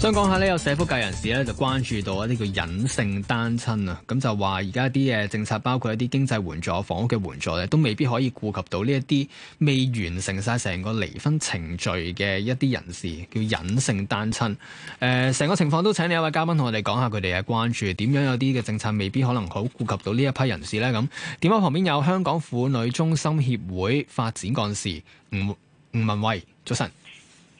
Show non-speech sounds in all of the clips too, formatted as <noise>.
想講下呢，有社福界人士咧就關注到一啲叫「隱性單親」啊，咁就話而家啲嘅政策包括一啲經濟援助、房屋嘅援助咧，都未必可以顧及到呢一啲未完成晒成個離婚程序嘅一啲人士，叫隱性單親。誒、呃，成個情況都請你一位嘉賓同我哋講下，佢哋嘅關注點樣有啲嘅政策未必可能好顧及到呢一批人士呢？咁，點解旁邊有香港婦女中心協會發展幹事吳吳旻蔚，早晨。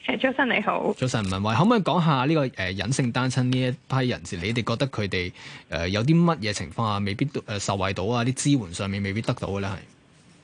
誒，早晨你好。早晨旻蔚，可唔可以講下呢、呢個誒、呃、隱性單親呢一批人士？你哋覺得佢哋誒有啲乜嘢情況啊？未必誒受惠到啊，啲支援上面未必得到嘅咧，係。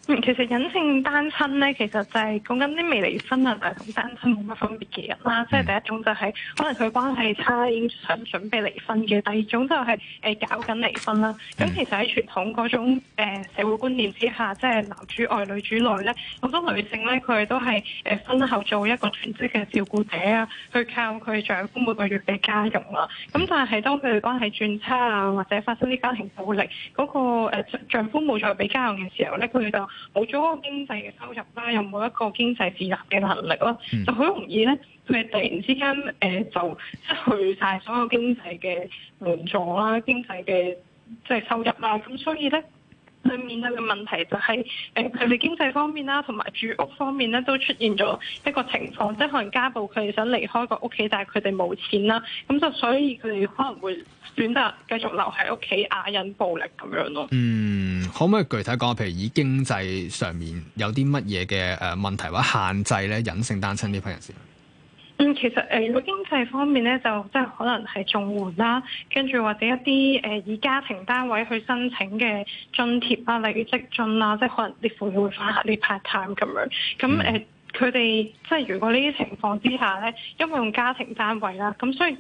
其實隱性單親咧，其實就係講緊啲未離婚啊，但係同單親冇乜分別嘅人啦。即係第一種就係可能佢關係差已經想準備離婚嘅；第二種就係、是、誒、欸、搞緊離婚啦。咁、嗯、其實喺傳統嗰種、呃、社會觀念之下，即係男主外女主內咧，好多女性咧佢都係誒婚後做一個全職嘅照顧者啊，去靠佢丈夫每個月俾家用啦。咁、嗯、但係當佢哋關係轉差啊，或者發生啲家庭暴力嗰、那個丈、呃、夫冇再俾家用嘅時候咧，佢就～冇咗嗰個經濟嘅收入啦，又冇一個經濟自立嘅能力啦，嗯、就好容易咧，佢哋突然之間誒就失去晒所有經濟嘅援助啦、經濟嘅即係收入啦，咁所以咧，佢面對嘅問題就係誒佢哋經濟方面啦，同埋住屋方面咧都出現咗一個情況，即係可能家暴佢哋想離開個屋企，但係佢哋冇錢啦，咁就所以佢哋可能會選擇繼續留喺屋企，啞、呃、忍暴力咁樣咯。嗯。可唔可以具體講下，譬如以經濟上面有啲乜嘢嘅誒問題或者限制咧，隱性單親呢批人士？嗯，其實誒，個、呃、經濟方面咧，就即係可能係綜援啦，跟住或者一啲誒、呃、以家庭單位去申請嘅津貼啊，例如職津啊，即係可能啲婦女會翻下呢 part time 咁樣。咁誒、嗯，佢哋、呃、即係如果呢啲情況之下咧，因為用家庭單位啦，咁所以誒，佢、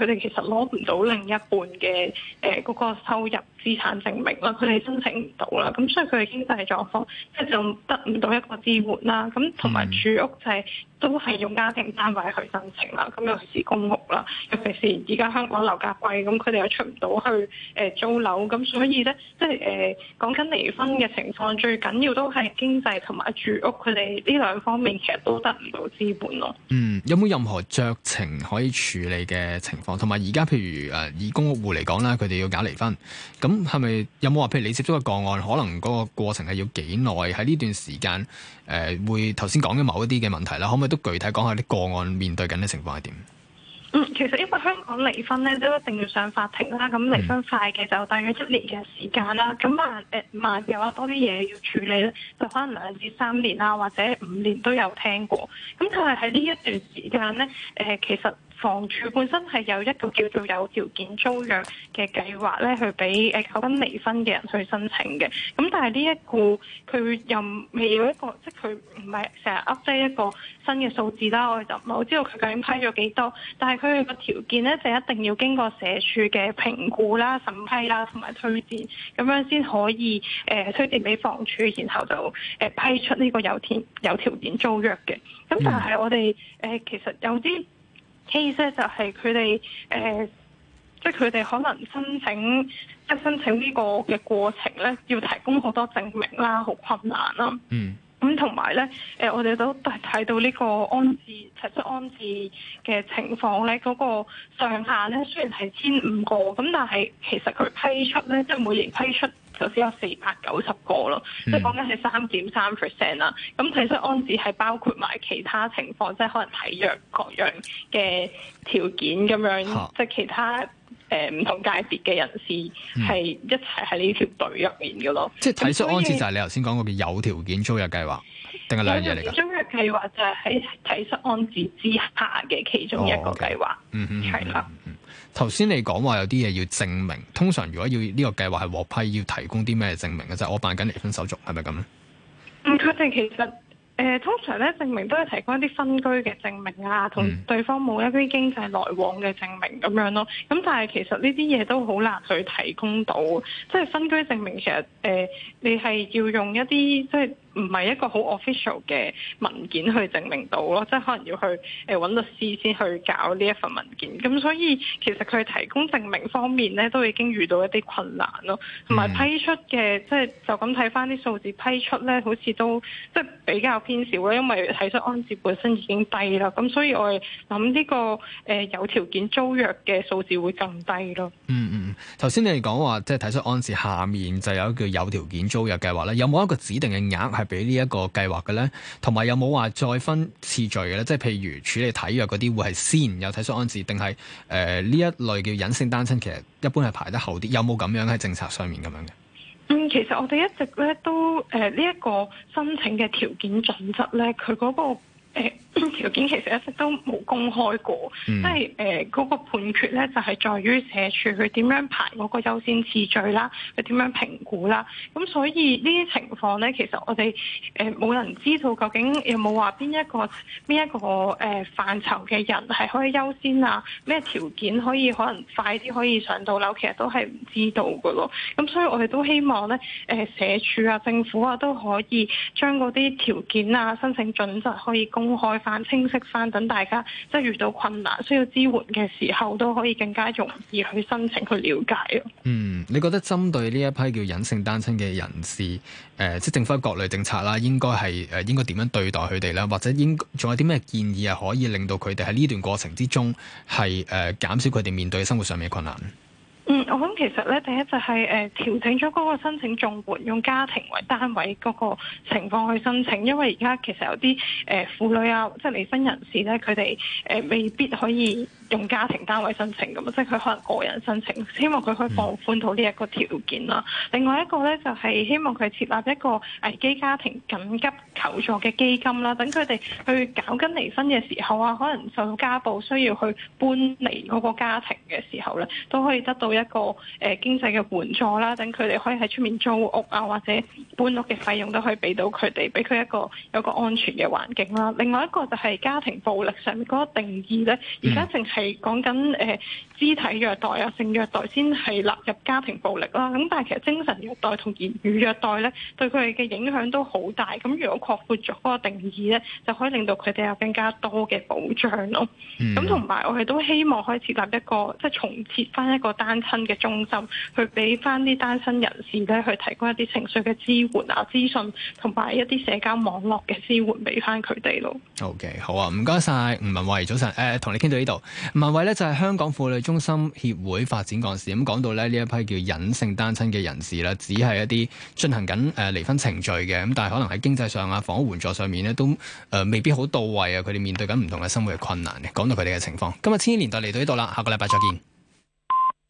呃、哋其實攞唔到另一半嘅誒嗰個收入。資產證明啦，佢哋申請唔到啦，咁所以佢哋經濟狀況即係就得唔到一個支援啦。咁同埋住屋就係、是、都係用家庭單位去申請啦。咁尤其是公屋啦，尤其是而家香港樓價貴，咁佢哋又出唔到去誒租樓，咁所以咧，即係誒講緊離婚嘅情況，最緊要都係經濟同埋住屋，佢哋呢兩方面其實都得唔到支援咯。嗯，有冇任何酌情可以處理嘅情況？同埋而家譬如誒以公屋戶嚟講啦，佢哋要搞離婚咁。咁係咪有冇話，譬如你接觸嘅個案，可能嗰個過程係要幾耐？喺呢段時間，誒會頭先講嘅某一啲嘅問題啦，可唔可以都具體講下啲個案面對緊嘅情況係點？嗯，其實因為香港離婚咧都一定要上法庭啦，咁離婚快嘅就大約一年嘅時間啦。咁慢誒慢嘅話多啲嘢要處理咧，就可能兩至三年啦，啊，或者五年都有聽過。咁但係喺呢一段時間咧，誒、呃、其實。房署本身係有一個叫做有條件租約嘅計劃咧，去俾誒搞緊離婚嘅人去申請嘅。咁、嗯、但係呢一個佢又未有一個，即係佢唔係成日 update 一個新嘅數字啦。我哋就唔係好知道佢究竟批咗幾多，但係佢個條件咧就一定要經過社署嘅評估啦、審批啦同埋推薦，咁樣先可以誒、呃、推薦俾房署，然後就誒、呃、批出呢個有條有條件租約嘅。咁、嗯、但係我哋誒、呃、其實有啲。意思就係佢哋誒，即係佢哋可能申請，即係申請呢個嘅過程咧，要提供好多證明啦、啊，好困難啦、啊。Mm. 嗯。咁同埋咧，誒、呃、我哋都睇到呢個安置提出安置嘅情況咧，嗰、嗰個上限咧雖然係千五個，咁但係其實佢批出咧，即係每年批出。首先有四百九十個咯，嗯、即係講緊係三點三 percent 啦。咁體恤安置係包括埋其他情況，即係可能體弱各樣嘅條件咁樣，即係哈其他誒唔、呃、同界別嘅人士係一齊喺呢條隊入面嘅咯。嗯、即係體恤安置就係你頭先講嗰個有條件租約計劃，定係兩樣嚟㗎？租約計劃就係喺體恤安置之下嘅其中一個計劃，哦 okay. 的嗯嗯，係、嗯、啦。頭先你講話有啲嘢要證明，通常如果要呢個計劃係獲批，要提供啲咩證明嘅啫？就係我辦緊離婚手續，係咪咁咧？唔確定，其實誒、呃，通常咧證明都係提供一啲分居嘅證明啊，同對方冇一啲經濟來往嘅證明咁樣咯。咁但係其實呢啲嘢都好難去提供到，即係分居證明其實。誒、呃，你係要用一啲即係唔係一個好 official 嘅文件去證明到咯，即係可能要去誒揾、呃、律師先去搞呢一份文件。咁所以其實佢提供證明方面咧，都已經遇到一啲困難咯。同埋批出嘅、嗯、即係就咁睇翻啲數字，批出咧好似都即係比較偏少咧，因為體恤安置本身已經低啦。咁所以我哋諗呢個誒、呃、有條件租約嘅數字會更低咯、嗯。嗯嗯，頭先你哋講話即係體恤安置下面就有一句。有條件租約計劃咧，有冇一個指定嘅額係俾呢一個計劃嘅咧？同埋有冇話再分次序嘅咧？即係譬如處理體弱嗰啲，會係先有體恤安置，定係誒呢一類叫隱性單親，其實一般係排得後啲。有冇咁樣喺政策上面咁樣嘅？嗯，其實我哋一直咧都誒呢一個申請嘅條件準則咧，佢嗰個。誒 <noise> 條件其實一直都冇公開過，即係誒嗰個判決咧，就係、是、在於社署佢點樣排嗰個優先次序啦，佢點樣評估啦，咁所以呢啲情況咧，其實我哋誒冇人知道究竟有冇話邊一個邊一個誒、呃、範疇嘅人係可以優先啊，咩條件可以可能快啲可以上到樓，其實都係唔知道嘅咯。咁所以我哋都希望咧，誒、呃、社署啊、政府啊都可以將嗰啲條件啊、申請準則可以公公開翻、清晰翻，等大家即係遇到困難需要支援嘅時候，都可以更加容易去申請、去了解。嗯，你覺得針對呢一批叫隱性單親嘅人士，誒、呃，即係政府各類政策啦，應該係誒、呃、應該點樣對待佢哋咧？或者應仲有啲咩建議啊，係可以令到佢哋喺呢段過程之中係誒、呃、減少佢哋面對生活上面嘅困難？嗯，我諗其實咧，第一就係誒調整咗嗰個申請綜援，用家庭為單位嗰個情況去申請，因為而家其實有啲誒婦女啊，即係離婚人士咧，佢哋誒未必可以用家庭單位申請，咁即係佢可能個人申請，希望佢可以放寬到呢一個條件啦。另外一個咧就係、是、希望佢設立一個危機家庭緊急求助嘅基金啦，等佢哋去搞緊離婚嘅時候啊，可能受到家暴需要去搬離嗰個家庭嘅時候咧，都可以得到一一個誒、呃、經濟嘅援助啦，等佢哋可以喺出面租屋啊，或者搬屋嘅費用都可以俾到佢哋，俾佢一個有一個安全嘅環境啦。另外一個就係家庭暴力上面嗰個定義呢，而家淨係講緊誒肢體虐待啊、性虐待先係納入家庭暴力啦。咁但係其實精神虐待同言語虐待呢，對佢哋嘅影響都好大。咁如果擴闊咗嗰個定義呢，就可以令到佢哋有更加多嘅保障咯。咁同埋我哋都希望可以設立一個即係重設翻一個單。新嘅中心去俾翻啲單親人士咧，去提供一啲情緒嘅支援啊、資訊同埋一啲社交網絡嘅支援，俾翻佢哋咯。OK，好啊，唔該晒。吳旻蔚，早晨。誒、呃，同你傾到呢度，吳旻蔚咧就係、是、香港婦女中心協會發展幹事。咁講到咧呢一批叫「隱性單親」嘅人士咧，只係一啲進行緊誒離婚程序嘅，咁但係可能喺經濟上啊、房屋援助上面咧，都、呃、誒未必好到位啊。佢哋面對緊唔同嘅生活嘅困難嘅。講到佢哋嘅情況，今日千禧年代嚟到呢度啦，下個禮拜再見。